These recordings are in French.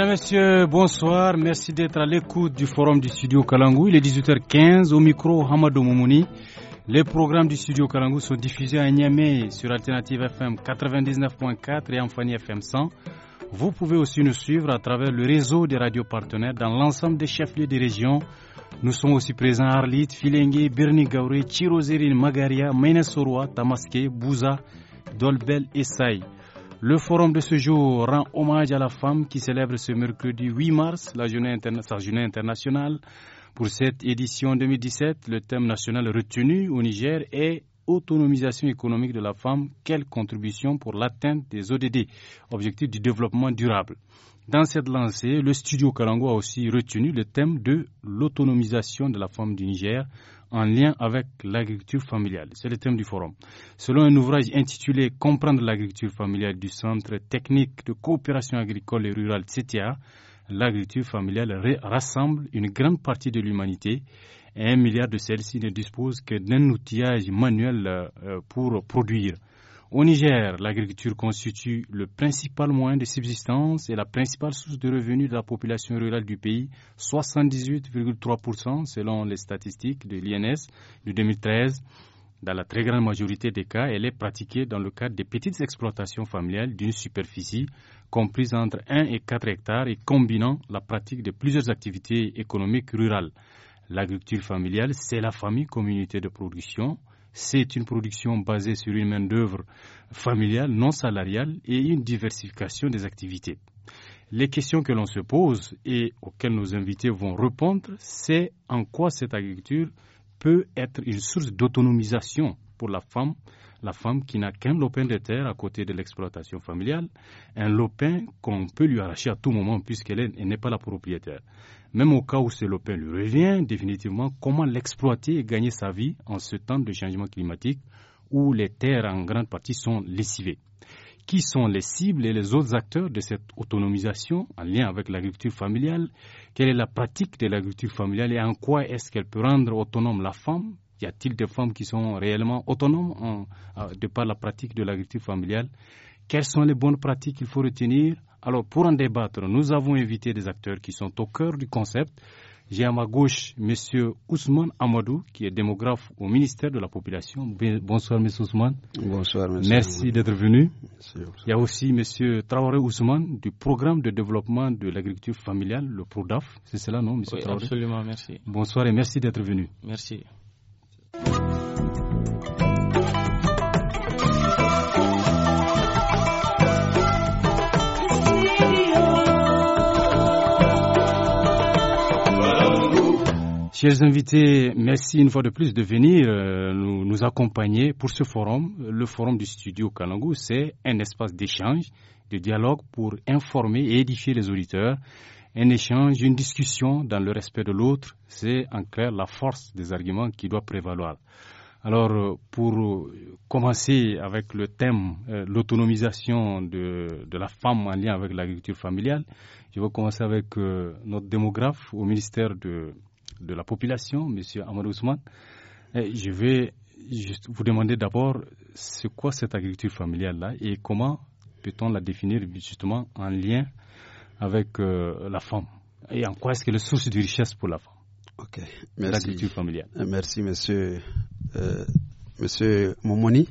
Mesdames, Messieurs, bonsoir. Merci d'être à l'écoute du forum du studio Kalangou. Il est 18h15 au micro Hamadou Moumouni. Les programmes du studio Kalangou sont diffusés à Niamey sur Alternative FM 99.4 et Amphani FM 100. Vous pouvez aussi nous suivre à travers le réseau des radios partenaires dans l'ensemble des chefs-lieux des régions. Nous sommes aussi présents à Arlit, Filengue, Birni Gauré, Chirozérine, Magaria, Mainesoroa, Tamaské, Bouza, Dolbel et Saï. Le forum de ce jour rend hommage à la femme qui célèbre ce mercredi 8 mars la journée sa journée internationale. Pour cette édition 2017, le thème national retenu au Niger est autonomisation économique de la femme, quelle contribution pour l'atteinte des ODD, objectifs du développement durable. Dans cette lancée, le studio Kalango a aussi retenu le thème de l'autonomisation de la femme du Niger en lien avec l'agriculture familiale. C'est le thème du forum. Selon un ouvrage intitulé Comprendre l'agriculture familiale du Centre technique de coopération agricole et rurale CTA, l'agriculture familiale rassemble une grande partie de l'humanité et un milliard de celles-ci ne disposent que d'un outillage manuel euh, pour produire. Au Niger, l'agriculture constitue le principal moyen de subsistance et la principale source de revenus de la population rurale du pays, 78,3% selon les statistiques de l'INS de 2013. Dans la très grande majorité des cas, elle est pratiquée dans le cadre des petites exploitations familiales d'une superficie comprise entre 1 et 4 hectares et combinant la pratique de plusieurs activités économiques rurales. L'agriculture familiale, c'est la famille communauté de production c'est une production basée sur une main-d'œuvre familiale, non salariale et une diversification des activités. Les questions que l'on se pose et auxquelles nos invités vont répondre, c'est en quoi cette agriculture peut être une source d'autonomisation pour la femme, la femme qui n'a qu'un lopin de terre à côté de l'exploitation familiale, un lopin qu'on peut lui arracher à tout moment puisqu'elle n'est pas la propriétaire. Même au cas où ce lopin lui revient définitivement, comment l'exploiter et gagner sa vie en ce temps de changement climatique où les terres en grande partie sont lessivées Qui sont les cibles et les autres acteurs de cette autonomisation en lien avec l'agriculture familiale Quelle est la pratique de l'agriculture familiale et en quoi est-ce qu'elle peut rendre autonome la femme Y a-t-il des femmes qui sont réellement autonomes euh, de par la pratique de l'agriculture familiale Quelles sont les bonnes pratiques qu'il faut retenir alors, pour en débattre, nous avons invité des acteurs qui sont au cœur du concept. J'ai à ma gauche M. Ousmane Amadou, qui est démographe au ministère de la Population. Ben, bonsoir, M. Ousmane. Bonsoir, M. Merci d'être venu. Il y a aussi M. Traoré Ousmane, du programme de développement de l'agriculture familiale, le PRODAF. C'est cela, non, M. Traoré Absolument, merci. Bonsoir et merci d'être venu. Merci. Chers invités, merci une fois de plus de venir euh, nous, accompagner pour ce forum. Le forum du studio Kalangu, c'est un espace d'échange, de dialogue pour informer et édifier les auditeurs. Un échange, une discussion dans le respect de l'autre, c'est en clair la force des arguments qui doit prévaloir. Alors, euh, pour euh, commencer avec le thème, l'autonomisation de, la femme en lien avec l'agriculture familiale, je vais commencer avec notre démographe au ministère de, de la population, M. Amadou Ousmane. je vais juste vous demander d'abord, c'est quoi cette agriculture familiale-là et comment peut-on la définir justement en lien avec euh, la femme Et en quoi est-ce que le source de richesse pour la femme Ok, merci. L'agriculture familiale. Euh, merci, monsieur, euh, monsieur Momoni.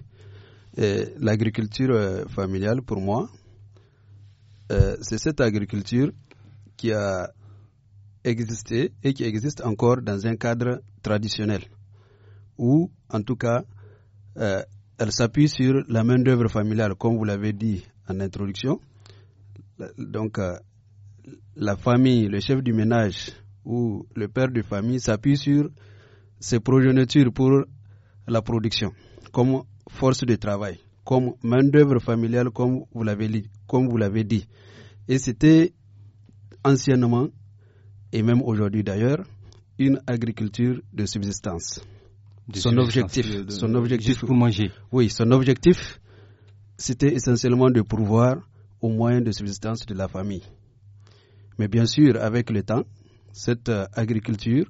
L'agriculture familiale, pour moi, c'est cette agriculture qui a existé et qui existe encore dans un cadre traditionnel, où en tout cas euh, elle s'appuie sur la main-d'œuvre familiale, comme vous l'avez dit en introduction. Donc euh, la famille, le chef du ménage ou le père de famille s'appuie sur ses progénitures pour la production, comme force de travail, comme main-d'œuvre familiale, comme vous l'avez dit. Et c'était anciennement et même aujourd'hui d'ailleurs, une agriculture de subsistance. son, objectif, son objectif, juste pour manger. Oui, son objectif, c'était essentiellement de pourvoir aux moyens de subsistance de la famille. Mais bien sûr, avec le temps, cette euh, agriculture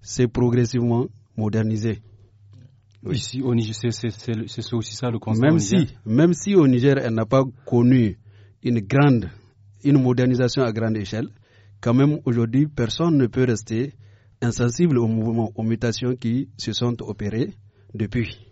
s'est progressivement modernisée. Oui. Ici, au Niger, c'est aussi ça le constat. Même, si, même si au Niger, elle n'a pas connu une grande, une modernisation à grande échelle, quand même aujourd'hui, personne ne peut rester insensible aux mouvements, aux mutations qui se sont opérées depuis.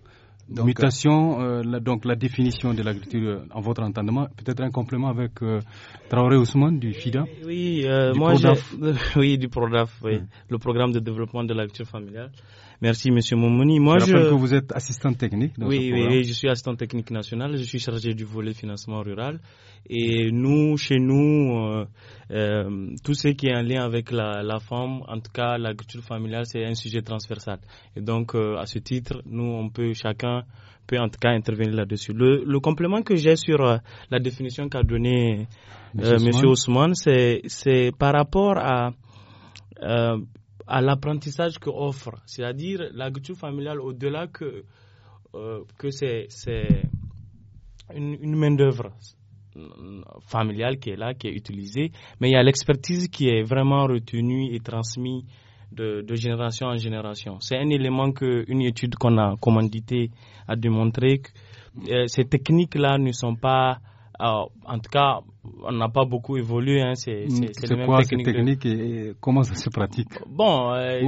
Donc, Mutation, euh, la, donc la définition de l'agriculture euh, en votre entendement, peut-être un complément avec euh, Traoré Ousmane du FIDA Oui, du oui, du hum. le programme de développement de l'agriculture familiale. Merci, Monsieur Momoni. Moi, je, je... rappelle que vous êtes assistant technique. oui, oui, je suis assistant technique national. Je suis chargé du volet financement rural. Et nous, chez nous, euh, euh tout ce qui est en lien avec la, la femme, en tout cas l'agriculture familiale, c'est un sujet transversal. Et donc, euh, à ce titre, nous, on peut chacun peut en tout cas intervenir là-dessus. Le, le, complément que j'ai sur euh, la définition qu'a donnée Monsieur Ousmane, c'est par rapport à à l'apprentissage que offre, c'est-à-dire l'agriculture familiale au-delà que, euh, que c'est une, une main-d'œuvre familiale qui est là, qui est utilisée, mais il y a l'expertise qui est vraiment retenue et transmise de, de génération en génération. C'est un élément que une étude qu'on a commandité a démontré que euh, ces techniques-là ne sont pas en tout cas, on n'a pas beaucoup évolué. Hein, c'est mm, quoi technique ces techniques et comment ça se pratique Bon, euh,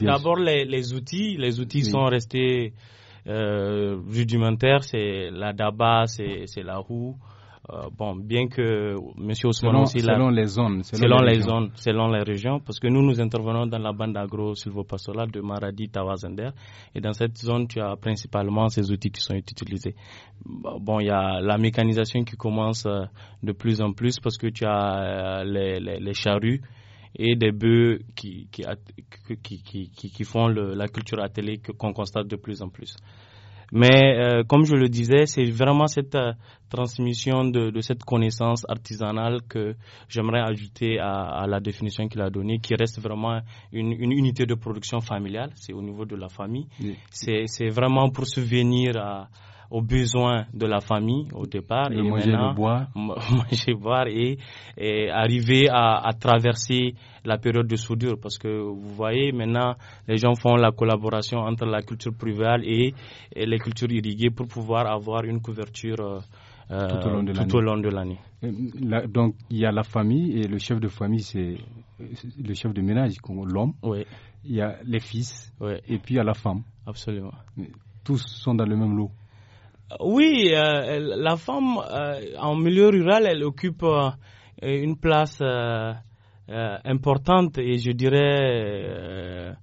d'abord les, outils. Les outils sont restés euh, rudimentaires. C'est la daba, c'est la roue. Euh, bon, bien que monsieur Ousmane selon, les zones, selon, les, zones, selon les régions, parce que nous nous intervenons dans la bande agro-silvopastorale de Maradi, Tawazender, et dans cette zone, tu as principalement ces outils qui sont utilisés. Bon, il y a la mécanisation qui commence euh, de plus en plus parce que tu as euh, les, charrues et des bœufs qui, qui, qui, qui, font la culture atelique qu'on constate de plus en plus. Mais euh, comme je le disais, c'est vraiment cette euh, transmission de, de, cette connaissance artisanale que j'aimerais ajouter à, à, la définition qu'il a donnée, qui reste vraiment une, une unité de production familiale. C'est au niveau de la famille. C'est vraiment pour se venir à aux besoins de la famille au départ. et manger, le boire. Manger, et, et arriver à, traverser la période de soudure. Parce que vous voyez, maintenant, les gens font la collaboration entre la culture privée et, les cultures irriguées pour pouvoir avoir une couverture. Euh, euh, tout au long de l'année. Euh, donc il y a la famille et le chef de famille c'est le chef de ménage, l'homme. Il y a les fils et puis il y a la femme. Absolument. Tous sont dans le même lot. Oui, euh, la femme euh, en milieu rural, elle occupe euh, une place importante et je dirais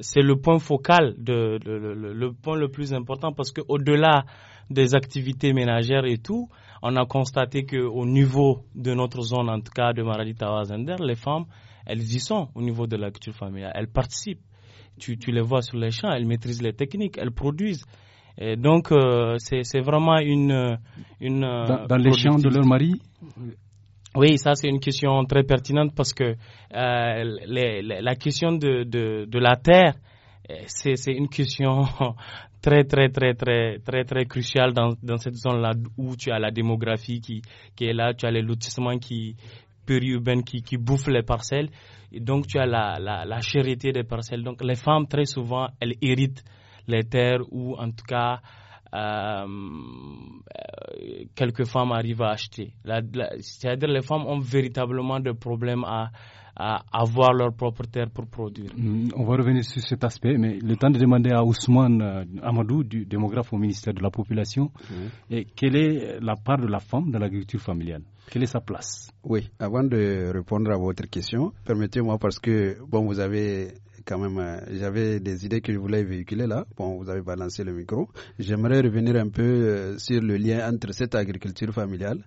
c'est le point focal, de, le, point le plus important parce qu'au-delà des activités ménagères et tout, on a constaté qu'au niveau de notre zone, en tout cas de Maradi Tawazender, les femmes, elles y sont au niveau de la culture familiale, elles participent. Tu, tu les vois sur les champs, elles maîtrisent les techniques, elles produisent donc, euh, c'est vraiment une. une euh, dans, les champs de leur mari oui, ça c'est une question très pertinente parce que euh, la question de, de, la terre, c'est une question très très très très très très cruciale dans, dans cette zone-là où tu as la démographie qui, qui est là, tu as les lotissements qui qui, qui bouffent les parcelles, et donc tu as la, la, la chérité des parcelles. Donc les femmes très souvent elles héritent les terres ou en tout cas euh, quelques femmes arrivent à acheter. C'est-à-dire les femmes ont véritablement des problèmes à, à avoir leur propre terre pour produire. Mm, on va revenir sur cet aspect, mais le temps de demander à Ousmane euh, Amadou, du démographe au ministère de la Population, mm. et quelle est la part de la femme dans l'agriculture familiale Quelle est sa place Oui, avant de répondre à votre question, permettez-moi parce que bon, vous avez quand même, euh, j'avais des idées que je voulais véhiculer là. Bon, vous avez balancé le micro. J'aimerais revenir un peu euh, sur le lien entre cette agriculture familiale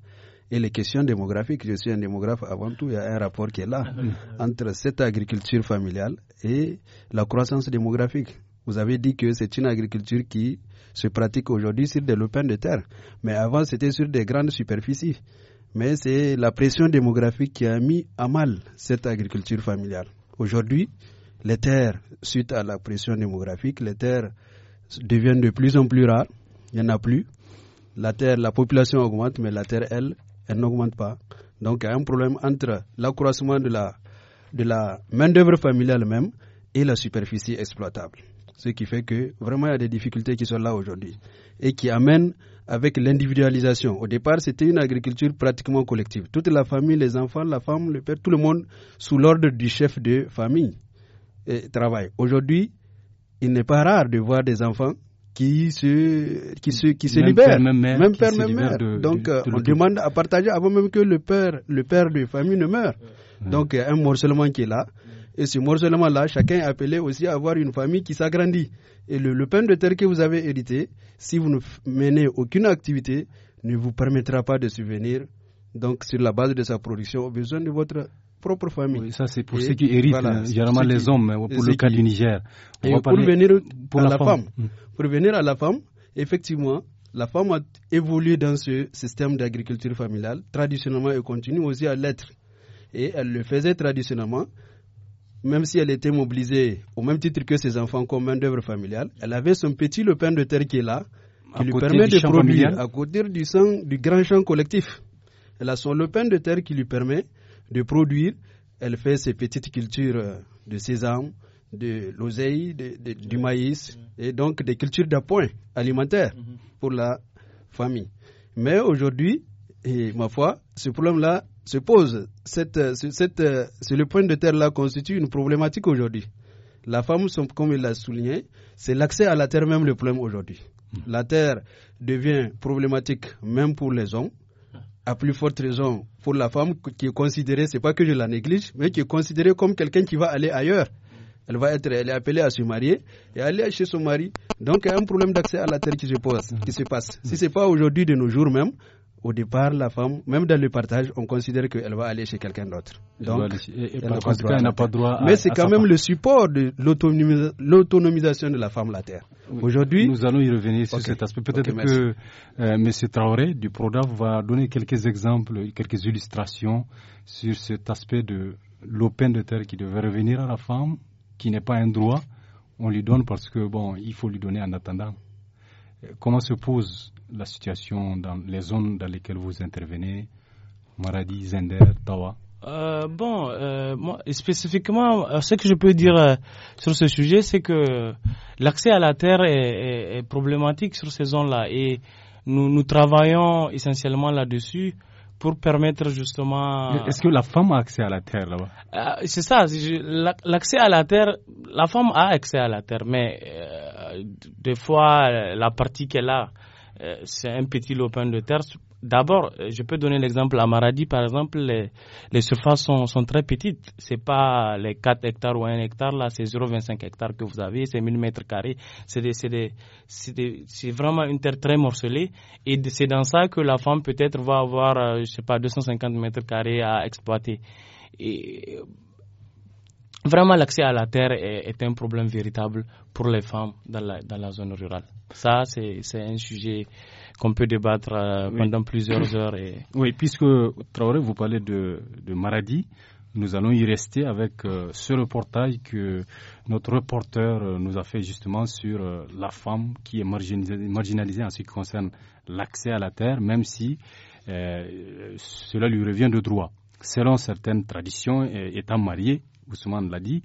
et les questions démographiques. Je suis un démographe avant tout, il y a un rapport qui est là ah ah entre cette agriculture familiale et la croissance démographique. Vous avez dit que c'est une agriculture qui se pratique aujourd'hui sur des lopins de terre, mais avant c'était sur des grandes superficies. Mais c'est la pression démographique qui a mis à mal cette agriculture familiale. Aujourd'hui, les terres, suite à la pression démographique, les terres deviennent de plus en plus rares. Il n'y en a plus. La terre, la population augmente, mais la terre, elle, elle n'augmente pas. Donc il y a un problème entre l'accroissement de la, de la main-d'œuvre familiale même et la superficie exploitable. Ce qui fait que vraiment il y a des difficultés qui sont là aujourd'hui et qui amènent avec l'individualisation. Au départ, c'était une agriculture pratiquement collective. Toute la famille, les enfants, la femme, le père, tout le monde sous l'ordre du chef de famille travail. Aujourd'hui, il n'est pas rare de voir des enfants qui se, qui se, qui se libèrent, même, père, même mère. Donc, euh, on demande à partager avant même que le père, le père de famille ne meure. Donc, il y a un morcellement qui est là. Et ce morcellement-là, chacun est appelé aussi à avoir une famille qui s'agrandit. Et le, pain de terre que vous avez hérité, si vous ne menez aucune activité, ne vous permettra pas de subvenir donc sur la base de sa production aux besoin de votre propre famille. ça, c'est pour ceux qui héritent, généralement hein. les hommes, hein, pour le cas du Niger. pour venir pour à la, femme. Mm. Pour venir à la femme, effectivement, la femme a évolué dans ce système d'agriculture familiale, traditionnellement, et continue aussi à l'être. Et elle le faisait traditionnellement, même si elle était mobilisée au même titre que ses enfants comme main-d'œuvre familiale. Elle avait son petit lopin de terre qui est là, qui lui permet de produire à côté du, sang, du grand champ collectif. Elle a son lopin de terre qui lui permet de produire, elle fait ses petites cultures euh, de sésame, de l'oseille, du maïs, mm-hmm. et donc des cultures d'appoint alimentaire mm-hmm. pour la famille. Mais aujourd'hui, et ma foi, ce problème-là se pose. Cette, euh, euh, le point de terre-là constitue une problématique aujourd'hui. La femme, comme il l'a souligné, c'est l'accès à la terre même le problème aujourd'hui. Mm. La terre devient problématique même pour les hommes à plus forte raison pour la femme qui est considérée, c'est pas que je la néglige, mais qui est considérée comme quelqu'un qui va aller ailleurs. Elle va être, est appelée à se marier et aller chez son mari. Donc, il y a un problème d'accès à la terre qui se pose, qui se passe. Si c'est pas aujourd'hui de nos jours même, au départ, la femme, même dans le partage, on considère qu'elle va aller chez quelqu'un d'autre. Donc, elle n'a pas, droit à, Mais c'est quand même le support de l'autonomisation de la femme, la terre. Aujourd'hui. Nous allons y revenir sur cet aspect. Peut-être que euh, M. Traoré du Prodav va donner quelques exemples, quelques illustrations sur cet aspect de l'open de terre qui devait revenir à la femme, qui n'est pas un droit. On lui donne parce que, bon, il faut lui donner en attendant. Euh, comment se pose la situation dans les zones dans lesquelles vous intervenez, Maradi, Zender, Tawa euh, Bon, euh, moi, spécifiquement, euh, ce que je peux dire sur ce sujet, c'est que l'accès à la terre est, problématique sur ces zones-là et nous, nous travaillons essentiellement là-dessus pour permettre justement. Est-ce que la femme a accès à la terre là-bas C'est ça, l'accès à la terre, la femme a accès à la terre, mais des fois, la partie qu'elle a, euh, c'est un petit lopin de terre. D'abord, euh, je peux donner l'exemple à Maradi, par exemple, les, surfaces sont, sont, très petites. C'est pas les 4 hectares ou 1 hectare, là, c'est 0,25 hectares que vous avez, c'est 1000 mètres carrés. C'est vraiment une terre très morcelée. Et c'est dans ça que la femme, peut-être, va avoir, euh, je sais pas, 250 mètres carrés à exploiter. Et vraiment, l'accès à la terre est, est, un problème véritable pour les femmes dans la, dans la zone rurale. Ça, c'est un sujet qu'on peut débattre euh, pendant plusieurs heures. Et... Oui, puisque Traoré, vous parlez de, de Maradi, nous allons y rester avec euh, ce reportage que notre reporter euh, nous a fait justement sur la femme qui est marginalisée, en ce qui concerne l'accès à la terre, même si cela lui revient de droit. Selon certaines traditions, étant mariée, Ousmane l'a dit,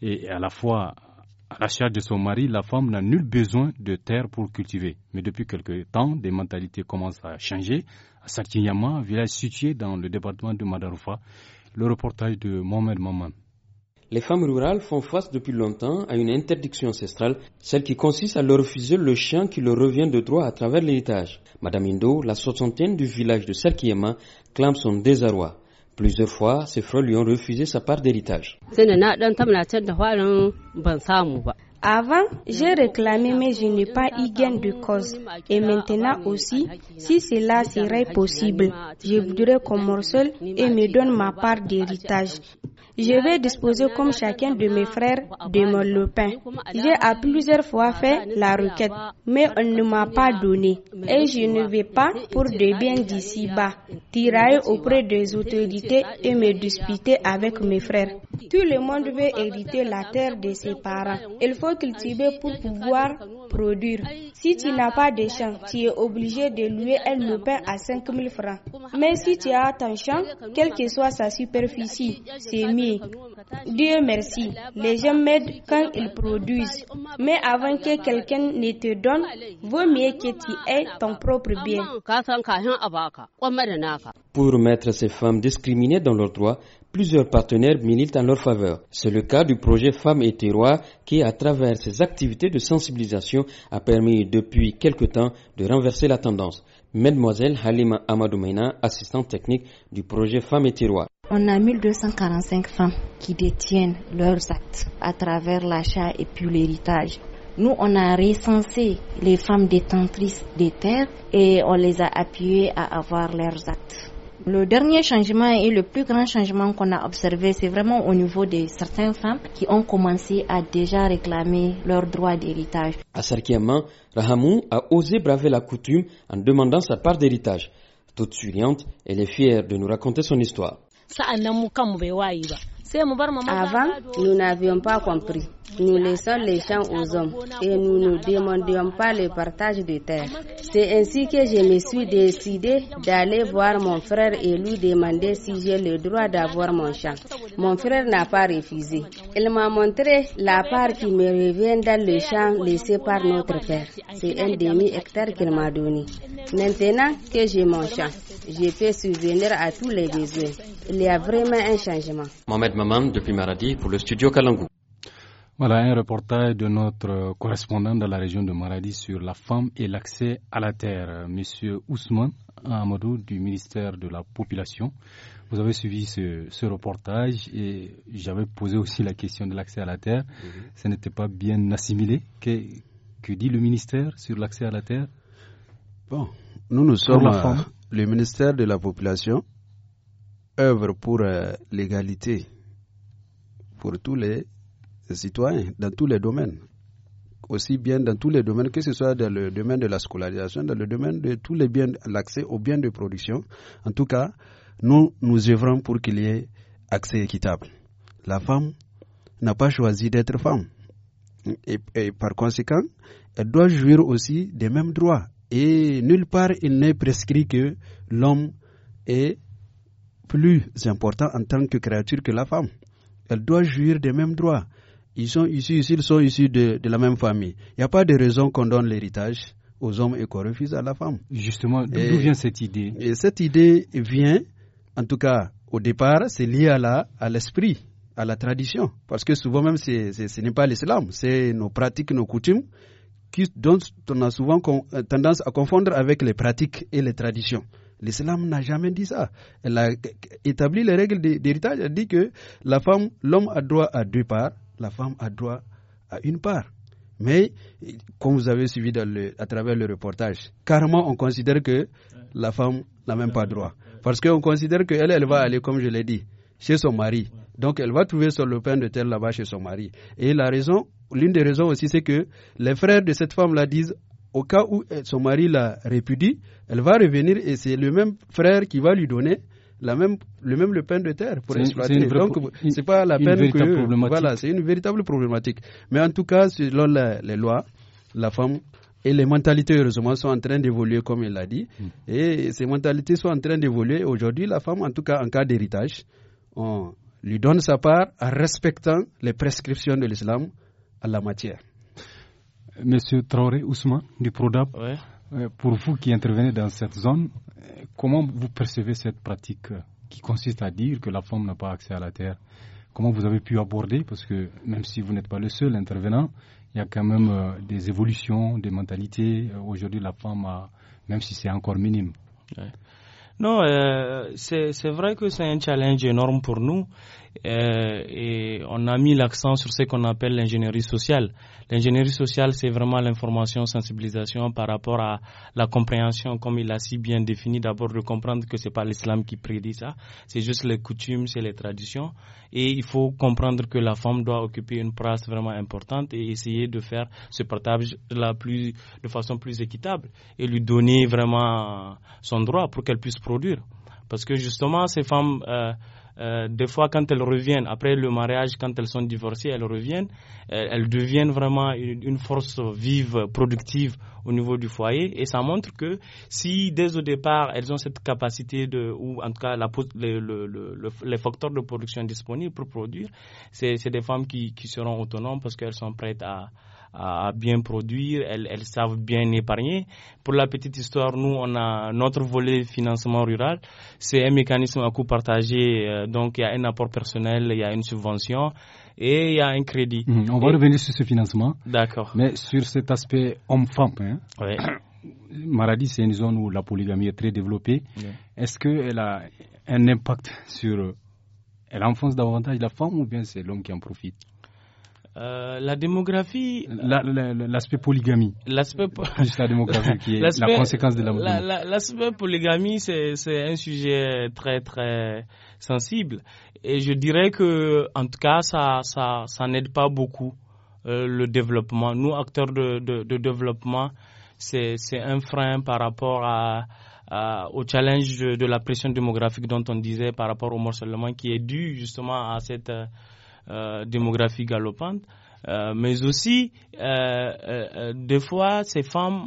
et à la fois à la charge de son mari, la femme n'a nul besoin de terre pour cultiver. Mais depuis quelque temps, des mentalités commencent à changer. À un village situé dans le département de Madarufa, le reportage de Mohamed Maman. Les femmes rurales font face depuis longtemps à une interdiction ancestrale, celle qui consiste à leur refuser le chien qui leur revient de droit à travers l'héritage. Madame Indo, la soixantaine du village de Sarkiyama, clame son désarroi. Plusieurs fois, ses frères lui ont refusé sa part d'héritage. Avant, j'ai réclamé, mais je n'ai pas eu gain de cause. Et maintenant aussi, si cela serait possible, je voudrais qu'on seul et me donne ma part d'héritage. Je vais disposer comme chacun de mes frères de mon lopin. J'ai à plusieurs fois fait la requête, mais on ne m'a pas donné. Et je ne vais pas, pour des biens d'ici bas, tirailler auprès des autorités et me disputer avec mes frères. Tout le monde veut hériter la terre de ses parents. Il faut cultiver pour pouvoir si tu n'as pas de champ, tu es obligé de louer un lopin à 000 francs. Mais si tu as ton champ, quelle que soit sa superficie, c'est mieux. Dieu merci, les gens m'aident quand ils produisent. Mais avant que quelqu'un ne te donne, vaut mieux que tu aies ton propre bien. Pour mettre ces femmes discriminées dans leurs droits, plusieurs partenaires militent en leur faveur. C'est le cas du projet Femmes et Terroir qui, à travers ses activités de sensibilisation, a permis depuis quelque temps de renverser la tendance. Mademoiselle Halima Amadoumeina, assistante technique du projet Femmes et Terroir. On a 1245 femmes qui détiennent leurs actes à travers l'achat et puis l'héritage. Nous, on a recensé les femmes détentrices des terres et on les a appuyées à avoir leurs actes. Le dernier changement et le plus grand changement qu'on a observé, c'est vraiment au niveau de certaines femmes qui ont commencé à déjà réclamer leur droit d'héritage. À Sarkiaman, Rahamou a osé braver la coutume en demandant sa part d'héritage. Toute souriante, elle est fière de nous raconter son histoire. Avant, nous n'avions pas compris. Nous laissons les champs aux hommes et nous ne demandions pas le partage de terre. C'est ainsi que je me suis décidé d'aller voir mon frère et lui demander si j'ai le droit d'avoir mon champ. Mon frère n'a pas refusé. Il m'a montré la part qui me revient dans le champ laissé par notre père. C'est un demi-hectare qu'il m'a donné. Maintenant que j'ai mon champ, je peux souvenir à tous les besoins. Il y a vraiment un changement. Mohamed Maman depuis Maradi pour le studio Kalangou. Voilà un reportage de notre correspondant dans la région de Maradi sur la femme et l'accès à la terre, Monsieur Ousmane Amadou du ministère de la Population. Vous avez suivi ce, reportage et j'avais posé aussi la question de l'accès à la terre. Mhm. Ce n'était pas bien assimilé. Que, dit le ministère sur l'accès à la terre Bon, nous nous sommes euh, femme. le ministère de la Population œuvre pour euh, l'égalité pour tous les citoyens dans tous les domaines, aussi bien dans tous les domaines, que ce soit dans le domaine de la scolarisation, dans le domaine de tous les biens, l'accès aux biens de production. En tout cas, nous, nous œuvrons pour qu'il y ait accès équitable. La femme n'a pas choisi d'être femme. Et, et, par conséquent, elle doit jouir aussi des mêmes droits. Et nulle part, il n'est prescrit que l'homme est plus important en tant que créature que la femme. Elle doit jouir des mêmes droits. Ils sont issus, ils sont issus de, la même famille. Il n'y a pas de raison qu'on donne l'héritage aux hommes et qu'on refuse à la femme. Justement, d'où vient cette idée et Cette idée vient, en tout cas au départ, c'est lié à l'esprit, à, à la tradition. Parce que souvent même, ce n'est pas l'islam, c'est nos pratiques, nos coutumes, qui, dont on a souvent euh, tendance à confondre avec les pratiques et les traditions. L'islam n'a jamais dit ça. Elle a établi les règles d'héritage. Elle dit que la femme, l'homme a droit à deux parts, la femme a droit à une part. Mais, comme vous avez suivi à travers le reportage, carrément, on considère que la femme n'a même pas droit. Parce qu'on considère qu'elle, elle va aller, comme je l'ai dit, chez son mari. Donc, elle va trouver son pain de terre là-bas chez son mari. Et la raison, l'une des raisons aussi, c'est que les frères de cette femme-là disent, au cas où son mari la répudie, elle va revenir et c'est le même frère qui va lui donner la même, le même le pain de terre pour exploiter. Donc, c'est pas la peine que. Voilà, c'est une véritable problématique. Mais en tout cas, selon les lois, la femme et les mentalités, heureusement, sont en train d'évoluer, comme il l'a dit. Mm. Et ces mentalités sont en train d'évoluer. Aujourd'hui, la femme, en tout cas, en cas d'héritage, on lui donne sa part en respectant les prescriptions de l'islam à la matière. Monsieur Traoré Ousmane, du PRODAP. Euh, pour vous qui intervenez dans cette zone, euh, comment vous percevez cette pratique euh, qui consiste à dire que la femme n'a pas accès à la terre Comment vous avez pu aborder Parce que même si vous n'êtes pas le seul intervenant, il y a quand même des évolutions, des mentalités. Aujourd'hui, la femme, a, même si c'est encore minime. Non, c'est vrai que c'est un challenge énorme pour nous. Euh, et on a mis l'accent sur ce qu'on appelle l'ingénierie sociale. L'ingénierie sociale, c'est vraiment l'information, sensibilisation par rapport à la compréhension, comme il a si bien défini, d'abord de comprendre que c'est pas l'islam qui prédit ça, c'est juste les coutumes, c'est les traditions, et il faut comprendre que la femme doit occuper une place vraiment importante et essayer de faire ce partage la plus, de façon plus équitable et lui donner vraiment son droit pour qu'elle puisse produire. Parce que justement, ces femmes, euh, euh, des fois, quand elles reviennent, après le mariage, quand elles sont divorcées, elles reviennent, elles deviennent vraiment une, force vive, productive au niveau du foyer. Et ça montre que si dès au départ, elles ont cette capacité de, ou en tout cas les facteurs de production disponibles pour produire, c'est des femmes qui, qui seront autonomes parce qu'elles sont prêtes à, à bien produire, elles, savent bien épargner. Pour la petite histoire, nous, on a notre volet financement rural. C'est un mécanisme à coût partagé. Euh, donc, il y a un apport personnel, il y a une subvention et il y a un crédit. Mhm. on va revenir sur ce financement. D'accord. Mais sur cet aspect homme-femme. Hein, Maradi, c'est une zone où la polygamie est très développée. Est-ce qu'elle a un impact sur euh, elle enfonce davantage la femme ou bien c'est l'homme qui en profite euh, la démographie. L'aspect polygamie. L'aspect la démographie qui est la conséquence de la la, L'aspect polygamie, c'est un sujet très très sensible et je dirais que en tout cas ça ça, ça n'aide pas beaucoup euh, le développement. Nous acteurs de, de, développement, c'est un frein par rapport à, au challenge de, de, la pression démographique dont on disait par rapport au morcellement qui est dû justement à cette euh, démographie galopante, euh, mais aussi, euh, des fois, ces femmes,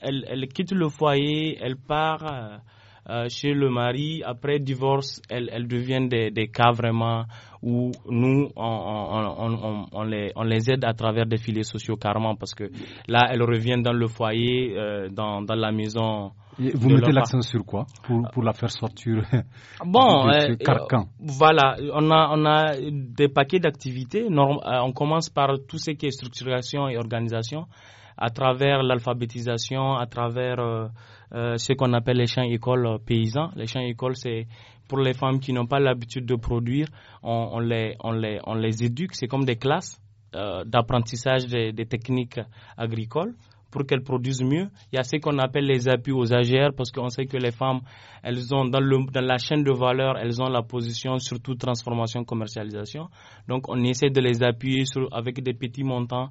elles, quittent le foyer, elles partent. chez le mari, après divorce, elles, deviennent des, cas vraiment où nous, on, les, aide à travers des filets sociaux carrément parce que là, elles reviennent dans le foyer, dans la maison vous mettez l'accent sur quoi pour, la faire sortir bon, euh, carcan euh, Voilà, on a, on a des paquets d'activités. Euh, on commence par tout ce qui est structuration et organisation à travers l'alphabétisation, à travers ce qu'on appelle les champs écoles paysans. Les champs écoles, c'est pour les femmes qui n'ont pas l'habitude de produire, on, les, on, les, on les éduque, c'est comme des classes d'apprentissage des, des, techniques agricoles pour qu'elles produisent mieux. Il y a ce qu'on appelle les appuis aux agères parce qu'on sait que les femmes, elles ont dans, le, dans la chaîne de valeur, elles ont la position surtout transformation, commercialisation. Donc on essaie de les appuyer sur, avec des petits montants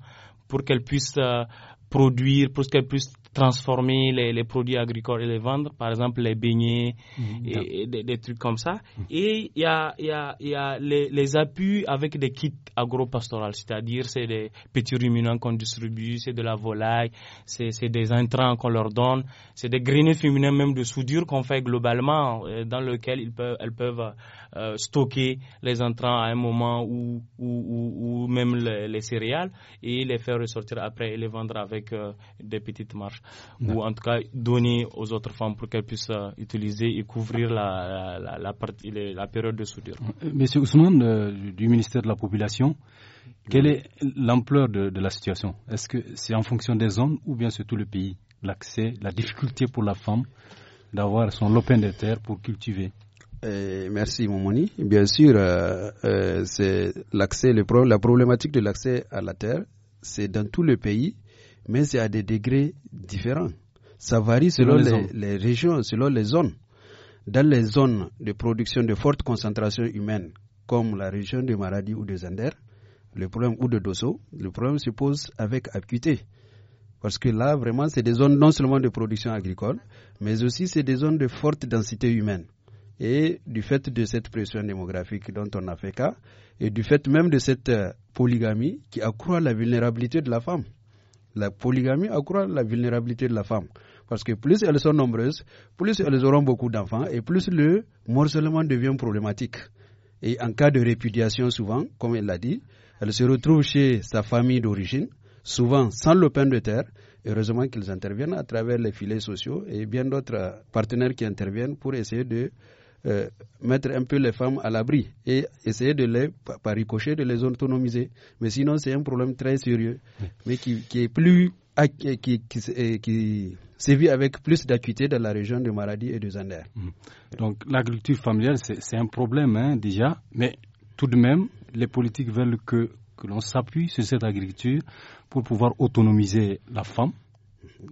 pour qu'elles puissent euh, produire, pour qu'elle puisse transformer les, produits agricoles et les vendre, par exemple les beignets mmh, et, des, trucs comme ça. Mmh. Et il y a, y a les, appuis avec des kits agro-pastoraux, c'est-à-dire c'est des petits ruminants qu'on distribue, c'est de la volaille, c'est des intrants qu'on leur donne, c'est des greniers féminins même de soudure qu'on fait globalement, euh, dans lequel ils peuvent, elles peuvent euh, stocker les entrants à un moment ou, même les, céréales et les faire ressortir après et les vendre avec euh, des petites marches Ou en tout cas donner aux autres femmes pour qu'elles puissent euh, utiliser et couvrir la, la, période de soudure. Monsieur Ousmane, du ministère de la Population, quelle est l'ampleur de, la situation Est-ce que c'est en fonction des zones ou bien c'est tout le pays L'accès, la difficulté pour la femme d'avoir son lopin de terre pour cultiver merci Momoni. Bien sûr, euh, euh, c'est l'accès, la problématique de l'accès à la terre, c'est dans tout le pays, mais c'est à des degrés différents. Ça varie selon, les, régions, selon les zones. Dans les zones de production de forte concentration humaine, comme la région de Maradi ou de Zander, le problème ou de Dosso, le problème se pose avec acuité. Parce que là, vraiment, c'est des zones non seulement de production agricole, mais aussi c'est des zones de forte densité humaine. Et du fait de cette pression démographique dont on a fait cas, et du fait même de cette euh, polygamie qui accroît la vulnérabilité de la femme. La polygamie accroît la vulnérabilité de la femme. Parce que plus elles sont nombreuses, plus elles auront beaucoup d'enfants et plus le morcellement devient problématique. Et en cas de répudiation, souvent, comme elle l'a dit, elle se retrouve chez sa famille d'origine, souvent sans le pain de terre. Heureusement qu'ils interviennent à travers les filets sociaux et bien d'autres euh, partenaires qui interviennent pour essayer de euh, mettre un peu les femmes à l'abri et essayer de les, par ricocher, de les autonomiser. Mais sinon, c'est un problème très sérieux, mais qui, est plus. qui, qui, sévit avec plus d'acuité dans la région de Maradi et de Zander. Mm. Donc l'agriculture familiale, c'est un problème hein, déjà, mais tout de même, les politiques veulent que, que l'on s'appuie sur cette agriculture pour pouvoir autonomiser la femme,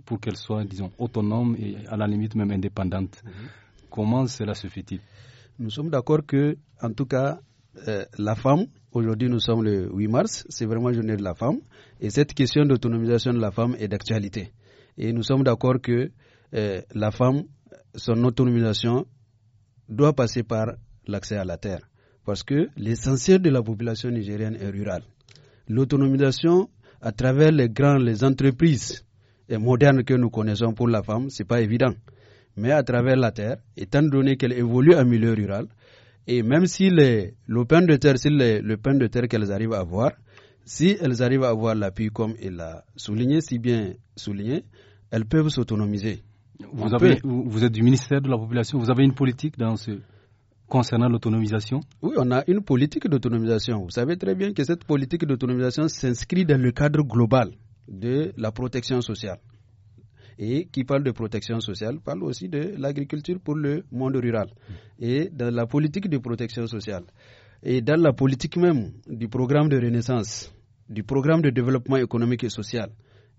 pour qu'elle soit, disons, autonome et à la limite même indépendante. Mm-hmm. Comment cela se fait-il Nous sommes d'accord que, en tout cas, euh, la femme, aujourd'hui nous sommes le 8 mars, c'est vraiment journée de la femme, et cette question d'autonomisation de la femme est d'actualité. Et nous sommes d'accord que euh, la femme, son autonomisation doit passer par l'accès à la terre, parce que l'essentiel de la population nigérienne est rurale. L'autonomisation à travers les grandes entreprises modernes que nous connaissons pour la femme, ce n'est pas évident mais à travers la terre, étant donné qu'elle évolue en milieu rural. Et même si les, le pain de terre, le pain de terre qu'elles arrivent à avoir, si elles arrivent à avoir l'appui comme il l'a souligné, si bien souligné, elles peuvent s'autonomiser. Vous, avez, vous êtes du ministère de la Population, vous avez une politique dans ce, concernant l'autonomisation Oui, on a une politique d'autonomisation. Vous savez très bien que cette politique d'autonomisation s'inscrit dans le cadre global de la protection sociale. Et qui parle de protection sociale parle aussi de l'agriculture pour le monde rural et de la politique de protection sociale. Et dans la politique même du programme de renaissance, du programme de développement économique et social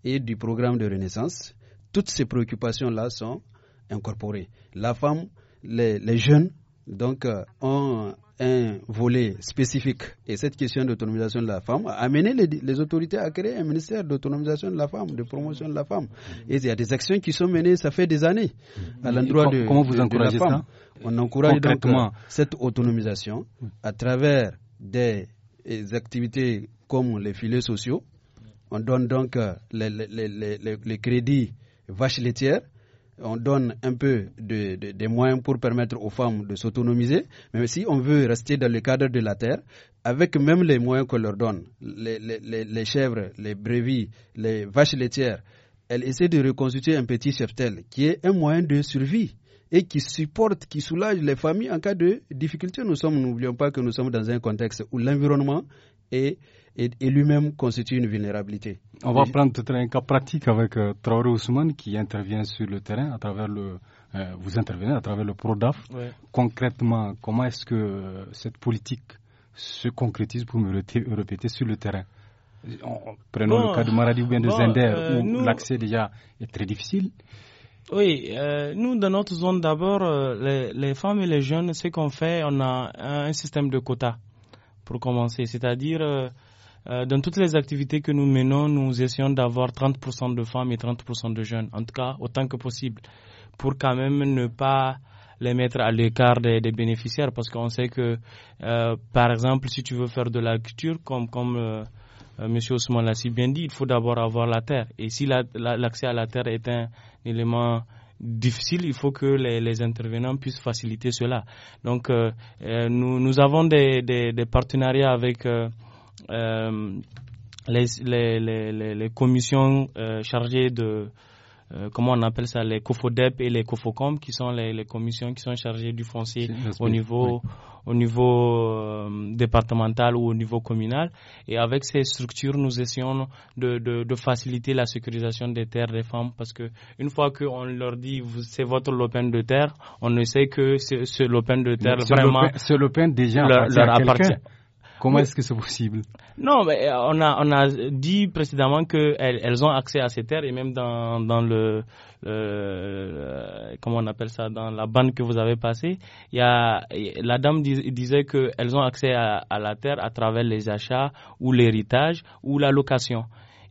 et du programme de renaissance, toutes ces préoccupations-là sont incorporées. La femme, les, jeunes, donc, euh, ont un volet spécifique et cette question d'autonomisation de la femme a amené les, autorités à créer un ministère d'autonomisation de la femme, de promotion de la femme. Et il y a des actions qui sont menées, ça fait des années, à l'endroit comment vous encouragez Ça On encourage donc euh, cette autonomisation à travers des, activités comme les filets sociaux. On donne donc euh, les, les crédits vaches laitières on donne un peu de, des moyens pour permettre aux femmes de s'autonomiser, mais si on veut rester dans le cadre de la terre, avec même les moyens qu'on leur donne, les, chèvres, les brevis les vaches laitières, elles essaient de reconstituer un petit cheptel qui est un moyen de survie et qui supporte, qui soulage les familles en cas de difficulté. Nous sommes, n'oublions pas que nous sommes dans un contexte où l'environnement est et, lui-même constitue une vulnérabilité. On va prendre un cas pratique avec euh, Traoré Ousmane qui intervient sur le terrain à travers le. Euh, vous intervenez à travers le PRODAF. Concrètement, comment est-ce que euh, cette politique se concrétise, pour me répéter, sur le terrain Prenons le cas de Maradi ou bien de Zender où l'accès déjà est très difficile. Oui, nous dans notre zone d'abord, les, femmes et les jeunes, ce qu'on fait, on a un système de quotas pour commencer, c'est-à-dire euh, dans toutes les activités que nous menons, nous essayons d'avoir 30% de femmes et 30% de jeunes, en tout cas autant que possible, pour quand même ne pas les mettre à l'écart des, bénéficiaires, parce qu'on sait que, euh, par exemple, si tu veux faire de la culture, comme, comme euh, euh Monsieur Ousmane l'a si bien dit, il faut d'abord avoir la terre. Et si l'accès à la terre est un élément difficile, il faut que les, intervenants puissent faciliter cela. Donc, euh, euh nous, nous, avons des, des partenariats avec euh, les, commissions euh, chargées de euh, comment on appelle ça, les COFODEP et les COFOCOM, qui sont les, commissions qui sont chargées du foncier au niveau, au niveau départemental ou au niveau communal. Et avec ces structures, nous essayons de, de, faciliter la sécurisation des terres des femmes parce que une fois qu'on leur dit c'est votre lopin de terre, on ne sait que ce, lopin de terre vraiment. lopin déjà leur, leur appartient. Comment est-ce que c'est possible Non, mais euh, on a, on a dit précédemment qu'elles elles ont accès à ces terres et même dans, dans le, le, comment on appelle ça, dans la bande que vous avez passée, il y a, la dame disait qu'elles ont accès à la terre à travers les achats ou l'héritage ou la location.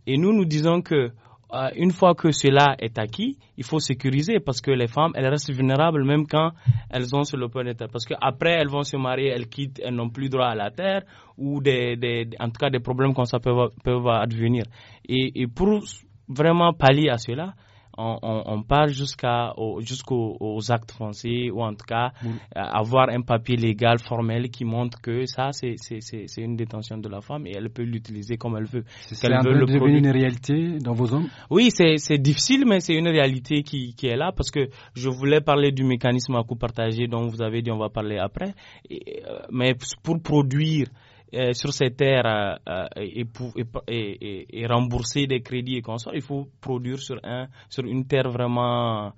Et nous, nous disons que euh, une fois que cela est acquis, il faut sécuriser parce que les femmes, elles restent vulnérables même quand elles ont sur le planétaire. que Parce qu'après, elles vont se marier, elles quittent, elles n'ont plus droit à la terre ou des, en tout cas des problèmes comme ça peuvent, advenir. et pour vraiment pallier à cela, on, parle jusqu'aux actes français ou en tout cas euh, avoir un papier légal formel qui montre que ça, c'est une détention de la femme et elle peut l'utiliser comme elle veut. C'est un une réalité dans vos hommes Oui, c'est difficile, mais c'est une réalité qui, est là parce que je voulais parler du mécanisme à coût partagé dont vous avez dit on va parler après. Euh, mais pour produire euh, sur ces terres euh, euh, et, et, rembourser des crédits et consorts, il faut produire sur, un, sur une terre vraiment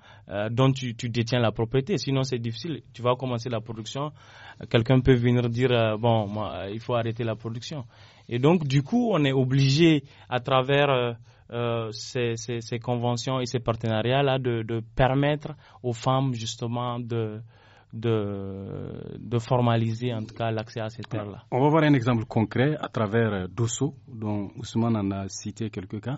dont tu, tu, détiens la propriété. Sinon, c'est difficile. Tu vas commencer la production, quelqu'un peut venir dire bon, moi, il faut arrêter la production. Et donc, du coup, on est obligé à travers ces, conventions et ces partenariats-là de, permettre aux femmes justement de, de, de formaliser en tout cas l'accès à ces terres-là. On va voir un exemple concret à travers euh, Dosso, dont Ousmane en a cité quelques cas.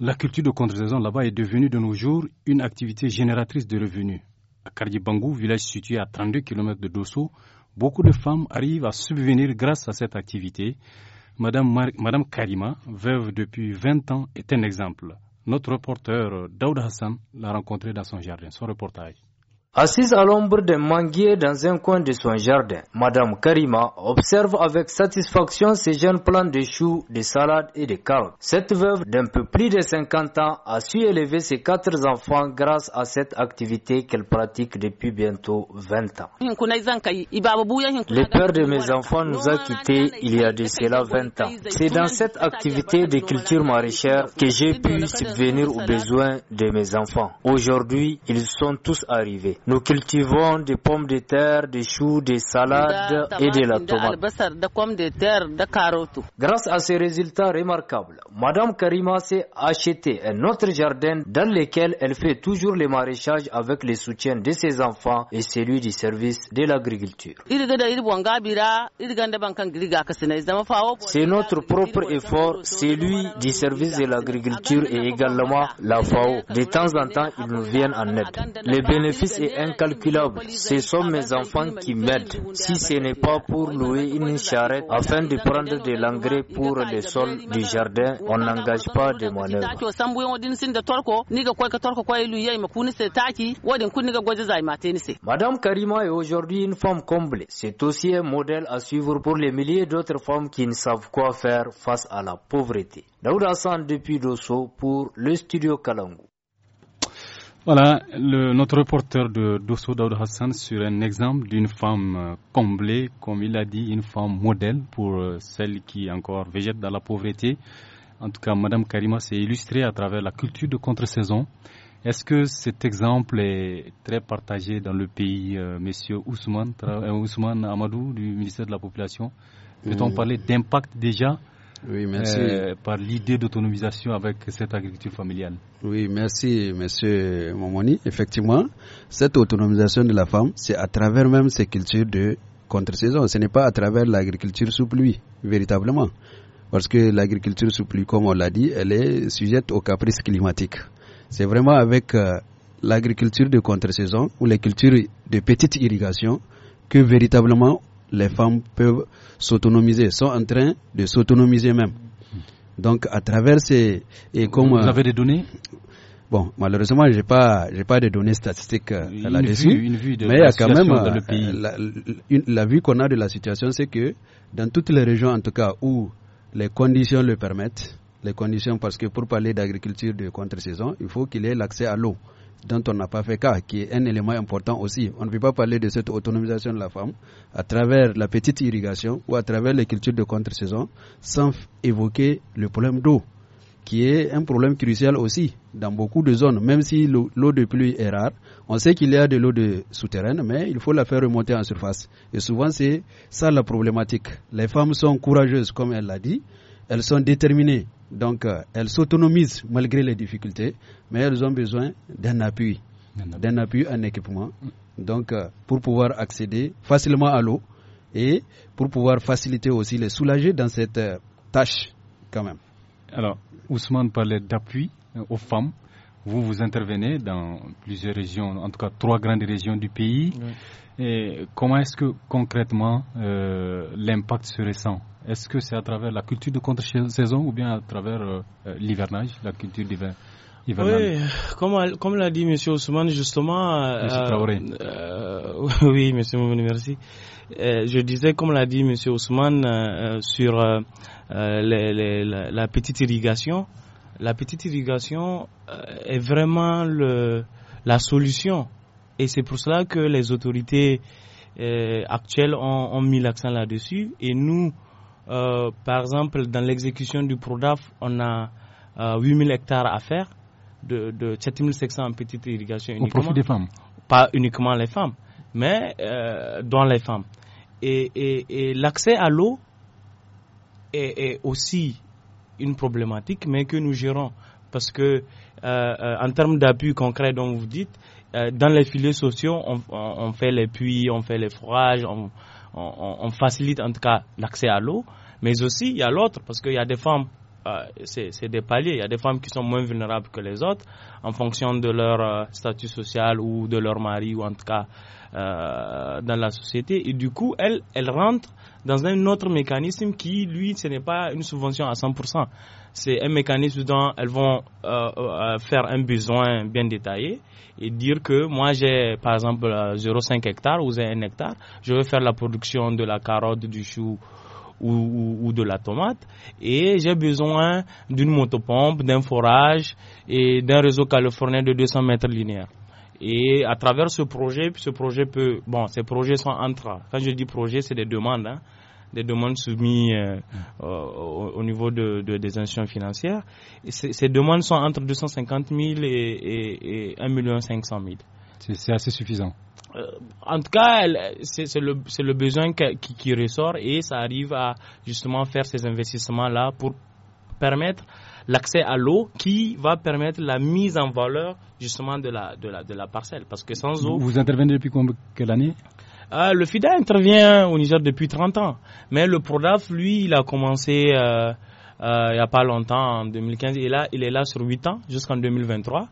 La culture de contre-saison là-bas est devenue de nos jours une activité génératrice de revenus. À Kardibangou, village situé à 32 km de Dosso, beaucoup de femmes arrivent à subvenir grâce à cette activité. Madame, Madame Karima, veuve depuis 20 ans, est un exemple. Notre reporter euh, Daoud Hassan l'a rencontré dans son jardin. Son reportage. Assise à l'ombre d'un manguier dans un coin de son jardin, Madame Karima observe avec satisfaction ses jeunes plants de choux, de salades et de carottes. Cette veuve d'un peu plus de 50 ans a su élever ses quatre enfants grâce à cette activité qu'elle pratique depuis bientôt 20 ans. Le père de mes enfants nous a quittés il y a de cela 20 ans. C'est dans cette activité de culture maraîchère que j'ai pu subvenir aux besoins de mes enfants. Aujourd'hui, ils sont tous arrivés. Nous cultivons des pommes de terre, des choux, des salades et de la tomate. Grâce à ces résultats remarquables, Madame Karima s'est acheté un autre jardin dans lequel elle fait toujours les maraîchages avec le soutien de ses enfants et celui du service de l'agriculture. C'est notre propre effort, celui du service de l'agriculture et également la FAO. De temps en temps, ils nous viennent en aide. Les bénéfices et incalculable. Ce sont mes enfants qui m'aident, si ce n'est pas pour louer une charrette afin de prendre de l'engrais pour les sols du jardin, on n'engage pas de manœuvre. Madame Karima est aujourd'hui une femme comblée. C'est aussi un modèle à suivre pour les milliers d'autres femmes qui ne savent quoi faire face à la pauvreté. Daoud Hassan depuis Dosso pour le studio Kalangu. Voilà, le, notre reporter de Dosso Daoud Hassan sur un exemple d'une femme euh, comblée, comme il a dit, une femme modèle pour euh, celle qui encore végète dans la pauvreté. En tout cas, Madame Karima s'est illustrée à travers la culture de contre-saison. Est-ce que cet exemple est très partagé dans le pays, euh, Monsieur Ousmane, euh, Ousmane Amadou du ministère de la Population Peut-on parler d'impact déjà oui, euh, merci. par l'idée d'autonomisation avec cette agriculture familiale. Oui, merci, monsieur Momoni. Effectivement, cette autonomisation de la femme, c'est à travers même ces cultures de contre-saison. Ce n'est pas à travers l'agriculture sous pluie, véritablement. Parce que l'agriculture sous pluie, comme on l'a dit, elle est sujette aux caprices climatiques. C'est vraiment avec euh, l'agriculture de contre-saison ou les cultures de petite irrigation que véritablement les femmes peuvent s'autonomiser, sont en train de s'autonomiser même. Donc, à travers ces. Et comme, Vous avez des données euh, Bon, malheureusement, j'ai n'ai pas, pas de données statistiques euh, là-dessus. Mais il y a quand même. Euh, la, la vue qu'on a de la situation, c'est que dans toutes les régions, en tout cas, où les conditions le permettent, les conditions, parce que pour parler d'agriculture de contre-saison, il faut qu'il ait l'accès à l'eau dont on n'a pas fait cas, qui est un élément important aussi. On ne peut pas parler de cette autonomisation de la femme à travers la petite irrigation ou à travers les cultures de contre-saison sans évoquer le problème d'eau, qui est un problème crucial aussi dans beaucoup de zones. Même si l'eau de pluie est rare, on sait qu'il y a de l'eau de souterraine, mais il faut la faire remonter en surface. Et souvent, c'est ça la problématique. Les femmes sont courageuses, comme elle l'a dit, elles sont déterminées donc, euh, elles s'autonomisent malgré les difficultés, mais elles ont besoin d'un appui, d'un appui en équipement, donc euh, pour pouvoir accéder facilement à l'eau et pour pouvoir faciliter aussi les soulager dans cette euh, tâche quand même. Alors, Ousmane parlait d'appui aux femmes. Vous, vous intervenez dans plusieurs régions, en tout cas trois grandes régions du pays. Et comment est-ce que concrètement euh, l'impact se ressent Est-ce que c'est à travers la culture de contre-saison ou bien à travers euh, euh, l'hivernage, la culture d'hiver oui, comme, comme l'a dit M. Ousmane, justement. oui, M. Moumouni, merci. je disais, comme l'a dit M. Ousmane, sur la, petite irrigation, la petite irrigation euh, est vraiment la solution. Et c'est pour cela que les autorités euh, actuelles ont, mis l'accent là-dessus. Et nous, euh, par exemple, dans l'exécution du PRODAF, on a 8000 hectares à faire, de, de 7500 en petite uniquement. Au profit des femmes Pas uniquement les femmes, mais dans les femmes. Et, l'accès à l'eau est, aussi une problématique, mais que nous gérons. Parce que, euh, euh, en termes d'appui concret, dont vous dites, euh, dans les filets sociaux, on, fait les puits, on fait les forages, on, on facilite en tout cas l'accès à l'eau. Mais aussi, il y a l'autre, parce qu'il y a des femmes c'est des paliers. Il y a des femmes qui sont moins vulnérables que les autres en fonction de leur euh, statut social ou de leur mari ou en tout cas euh, dans la société. Et du coup, elles, elles rentrent dans un autre mécanisme qui, lui, ce n'est pas une subvention à 100%. C'est un mécanisme dont elles vont euh, faire un besoin bien détaillé et dire que moi j'ai par exemple 0,5 hectare ou 1 hectare, je veux faire la production de la carotte, du chou ou, de la tomate et j'ai besoin d'une motopompe, d'un forage et d'un réseau californien de 200 mètres linéaires. Et à travers ce projet, ce projet peut, bon, ces projets sont entre. Quand je dis projet, c'est des demandes. Hein. des demandes soumises euh, euh, au, niveau de, des institutions financières. ces demandes sont entre 250 000 et, et 1 500 000. C'est assez suffisant. Euh, en tout cas, c'est le, besoin qui, ressort et ça arrive à justement faire ces investissements-là pour permettre l'accès à l'eau qui va permettre la mise en valeur justement de la, de la, parcelle. Parce que sans eau. Vous intervenez depuis combien, quelle année euh, Le FIDA intervient au Niger depuis 30 ans. Mais le PRODAF, lui, il a commencé. Euh, il n'y a pas longtemps, en 2015, et là, il est là sur 8 ans, jusqu'en 2023.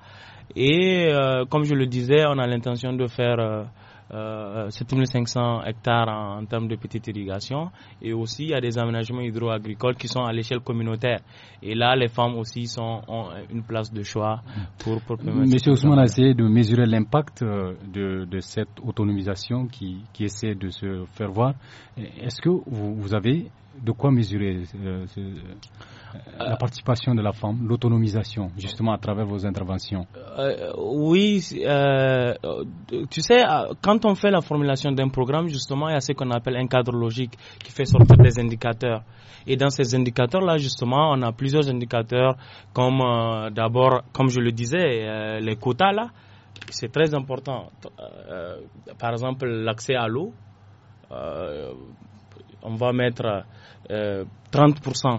Et euh, comme je le disais, on a l'intention de faire euh, 7500 euh, hectares en, termes de petite irrigation et aussi il y a des aménagements hydro-agricoles qui sont à l'échelle communautaire et là les femmes aussi sont, ont une place de choix pour, pour Monsieur Ousmane a essayé de mesurer l'impact euh, de, cette autonomisation qui, essaie de se faire voir est-ce que vous avez de quoi mesurer euh, euh, la participation de la femme, l'autonomisation, justement à travers vos interventions euh, Oui, tu sais, quand on fait la formulation d'un programme, justement, il y a ce qu'on appelle un cadre logique qui fait sortir des indicateurs. Et dans ces indicateurs-là, justement, on a plusieurs indicateurs, comme d'abord, comme je le disais, les quotas, là, c'est très important. par exemple, l'accès à l'eau on va mettre 30%, euh,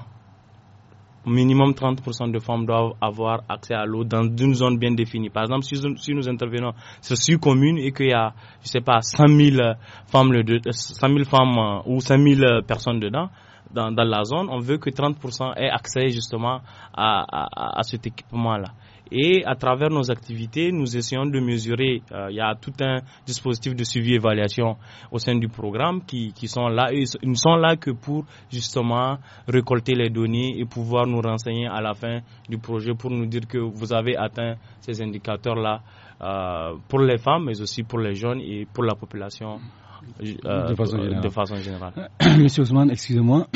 minimum 30% de femmes doivent avoir accès à l'eau dans une zone bien définie. Par exemple, si, nous intervenons sur une commune et qu'il y a, je sais pas, 100 femmes, femmes euh, ou 5 000 personnes dedans, dans, la zone, on veut que 30% aient accès justement à, à cet équipement-là. Et à travers nos activités, nous essayons de mesurer. Euh, il y a tout un dispositif de suivi et évaluation au sein du programme qui, sont là. ils ne sont là que pour justement récolter les données et pouvoir nous renseigner à la fin du projet pour nous dire que vous avez atteint ces indicateurs-là euh, pour les femmes, mais aussi pour les jeunes et pour la population euh, de, façon de façon générale. Monsieur Ousmane, excusez-moi.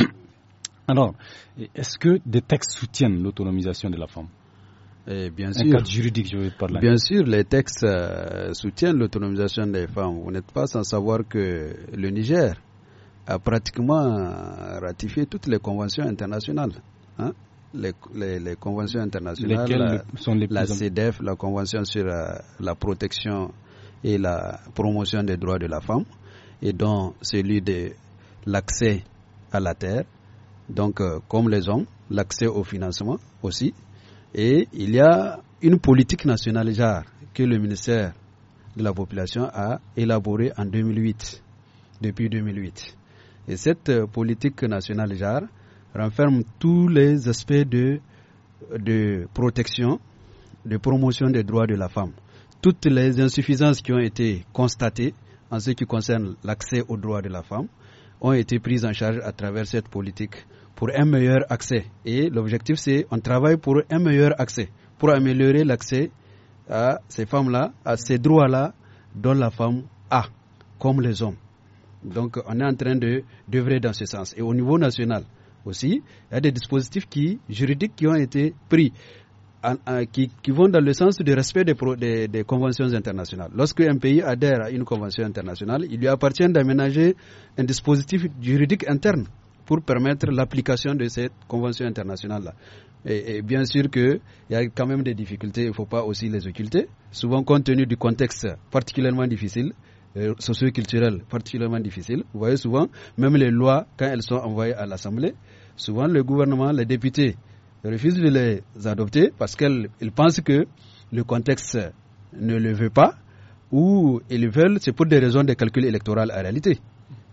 Alors, est-ce que des textes soutiennent l'autonomisation de la femme bien sûr, un juridique, Bien sûr, les textes euh, soutiennent l'autonomisation des femmes. Vous n'êtes pas sans savoir que le Niger a pratiquement euh, ratifié toutes les conventions internationales. Hein. Les, conventions internationales, euh, la, sont la Convention sur la, protection et la promotion des droits de la femme, et dont celui de l'accès à la terre, donc comme les hommes, l'accès au financement aussi, et il y a une politique nationale genre que le ministère de la Population a élaborée en 2008, depuis 2008. Et cette euh, politique nationale genre renferme tous les aspects de, de protection, de promotion des droits de la femme. Toutes les insuffisances qui ont été constatées en ce qui concerne l'accès aux droits de la femme ont été prises en charge à travers cette politique pour un meilleur accès. Et l'objectif, c'est on travaille pour un meilleur accès, pour améliorer l'accès à ces femmes-là, à ces droits-là dont la femme a, comme les hommes. Donc, on est en train de d'œuvrer dans ce sens. Et au niveau national aussi, il y a des dispositifs juridiques qui ont été pris. qui, vont dans le sens du respect des, conventions internationales. Lorsque un pays adhère à une convention internationale, il lui appartient d'aménager un dispositif juridique interne pour permettre l'application de cette convention internationale Et, bien sûr qu'il y a quand même des difficultés, il ne faut pas aussi les occulter. Souvent, compte tenu du contexte particulièrement difficile, euh, socio-culturel particulièrement difficile, vous voyez souvent, même les lois, quand elles sont envoyées à l'Assemblée, souvent le gouvernement, les députés refusent de les adopter parce qu'ils pensent que le contexte ne le veut pas ou ils veulent, c'est pour des raisons de calcul électoral en réalité.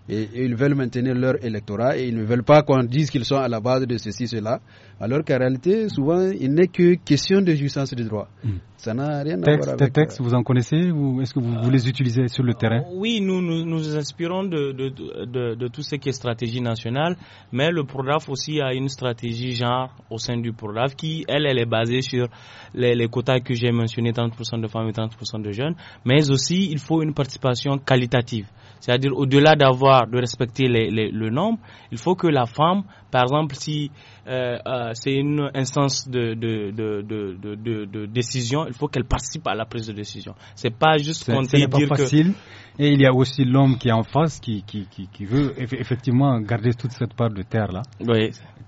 Et, ils veulent maintenir leur électorat et ils ne veulent pas qu'on dise qu'ils sont à la base de ceci, cela. Alors qu'en réalité, souvent, il n'est que question de jouissance des droit. Hmm. Ça n'a rien à voir avec... textes, vous en connaissez est-ce que vous, euh, les utilisez sur le euh, terrain Oui, nous nous, inspirons de, de, de, tout ce qui est stratégie nationale, mais le programme aussi a une stratégie genre au sein du programme qui, elle, elle est basée sur les, les quotas que j'ai mentionnés, 30% de femmes et 30% de jeunes, mais aussi il faut une participation qualitative. C'est-à-dire au-delà d'avoir de respecter les, le nombre, il faut que la femme, par exemple, si euh, euh, c'est une instance de, de, de, de, décision, il faut qu'elle participe à la prise de décision. C'est pas juste qu'on dire pas facile. Et il y a aussi l'homme qui est en face qui, qui, qui, veut effectivement garder toute cette part de terre là.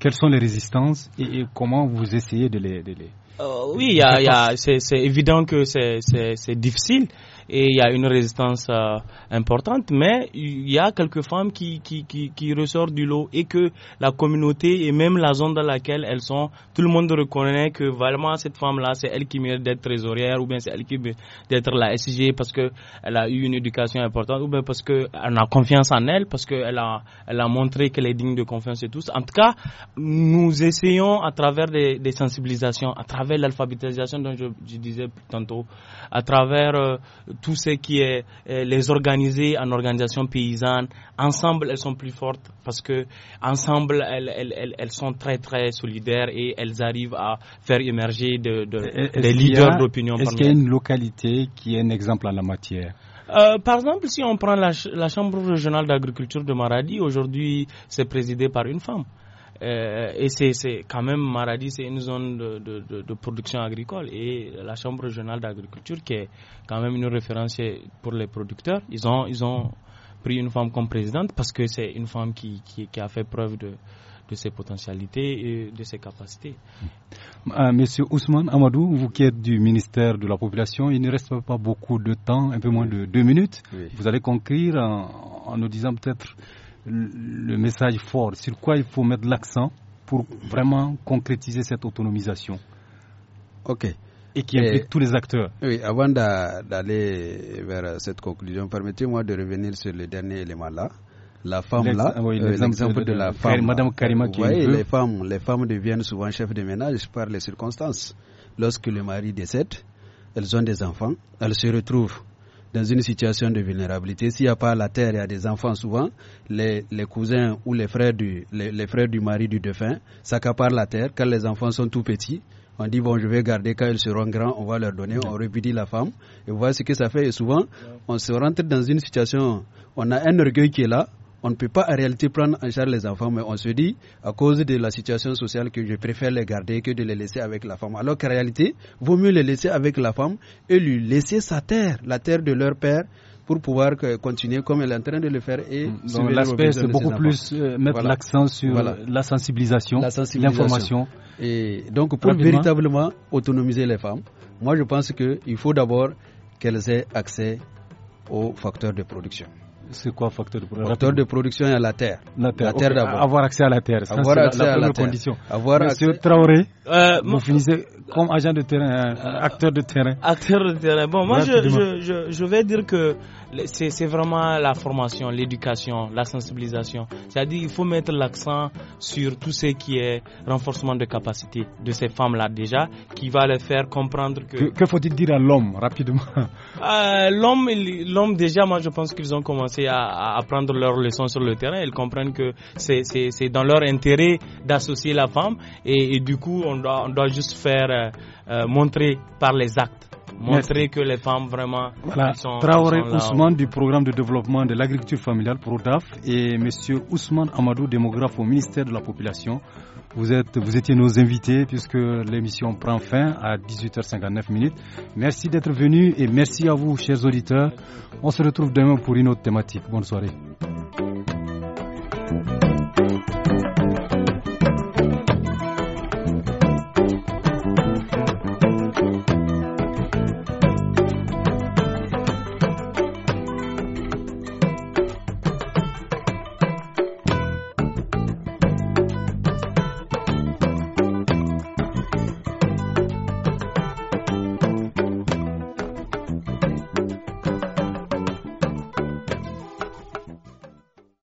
Quelles sont les résistances et, comment vous essayez de les euh, oui, y y a, c'est évident que c'est difficile et il y a une résistance euh, importante, mais il y a quelques femmes qui, qui, qui, ressortent du lot et que la communauté et même la zone dans laquelle elles sont, tout le monde reconnaît que vraiment cette femme-là, c'est elle qui mérite d'être trésorière ou bien c'est elle qui mérite d'être la SG parce qu'elle a eu une éducation importante ou bien parce qu'elle a confiance en elle, parce qu'elle a, elle a montré qu'elle est digne de confiance et tout. En tout cas, nous essayons à travers des, des sensibilisations, à travers travers l'alphabétisation dont je, je, disais tantôt, à travers euh, tout ce qui est euh, les organiser en organisation paysanne. Ensemble, elles sont plus fortes parce que ensemble, elles, elles, elles, sont très très solidaires et elles arrivent à faire émerger des leaders d'opinion. Est-ce qu'il y a une localité qui est un exemple en la matière euh, par exemple, si on prend la, la Chambre régionale d'agriculture de Maradi, aujourd'hui, c'est présidé par une femme. Euh, et c'est quand même Maradi, c'est une zone de, de, production agricole et la Chambre régionale d'agriculture qui est quand même une référence pour les producteurs. Ils ont, ils ont pris une femme comme présidente parce que c'est une femme qui, qui, a fait preuve de, de ses potentialités et de ses capacités. Euh, Monsieur Ousmane Amadou, vous qui êtes du ministère de la Population, il ne reste pas beaucoup de temps, un peu moins de deux minutes. Vous allez conclure en nous disant peut-être le message fort, sur quoi il faut mettre l'accent pour vraiment concrétiser cette autonomisation. OK. Et qui implique tous les acteurs. Oui, avant d'aller vers cette conclusion, permettez-moi de revenir sur le dernier élément-là. La femme là, femme. Madame les femmes, les femmes deviennent souvent chefs de ménage par les circonstances. Lorsque le mari décède, elles ont des enfants, elles se retrouvent dans une situation de vulnérabilité. S'il n'y a pas la terre, il y a des enfants souvent, les, cousins ou les frères, du, les, du mari du défunt s'accaparent la terre quand les enfants sont tout petits. On dit, bon, je vais garder quand ils seront grands, on va leur donner, on répudie la femme. Et voilà ce que ça fait. Et souvent, on se rentre dans une situation, on a un orgueil qui est là, on ne peut pas en réalité prendre en charge les enfants, mais on se dit, à cause de la situation sociale, que je préfère les garder que de les laisser avec la femme. Alors qu'en réalité, vaut mieux les laisser avec la femme et lui laisser sa terre, la terre de leur père, pour pouvoir euh, continuer comme elle est en train de le faire. Et Donc l'aspect, c'est beaucoup plus euh, mettre l'accent sur la sensibilisation, l'information. Et donc pour véritablement autonomiser les femmes, moi je pense qu'il faut d'abord qu'elles aient accès aux facteurs de production. C'est quoi facteur de production Facteur de production, il y a la terre. La terre, terre d'abord. Avoir accès à la terre, avoir ça, accès la, la à la terre. condition. Avoir Monsieur accès... Traoré, euh, Vous finissez comme agent de terrain, euh, acteur de terrain. Acteur de terrain. Bon, moi, je, je, je, vais dire que c'est vraiment la formation, l'éducation, la sensibilisation. C'est-à-dire il faut mettre l'accent sur tout ce qui est renforcement de capacité de ces femmes-là déjà, qui va les faire comprendre que... Que, faut-il dire à l'homme, rapidement euh, L'homme, l'homme déjà, moi, je pense qu'ils ont commencé à, apprendre leurs leçons sur le terrain. Ils comprennent que c'est dans leur intérêt d'associer la femme et, et du coup, on on doit juste faire euh, euh, montrer par les actes montrer que les femmes vraiment voilà. sont, Traoré Ousmane du programme de développement de l'agriculture familiale pour PRODAF et monsieur Ousmane Amadou démographe au ministère de la population vous êtes vous étiez nos invités puisque l'émission prend fin à 18h59 minutes. Merci d'être venu et merci à vous chers auditeurs. On se retrouve demain pour une autre thématique. Bonne soirée.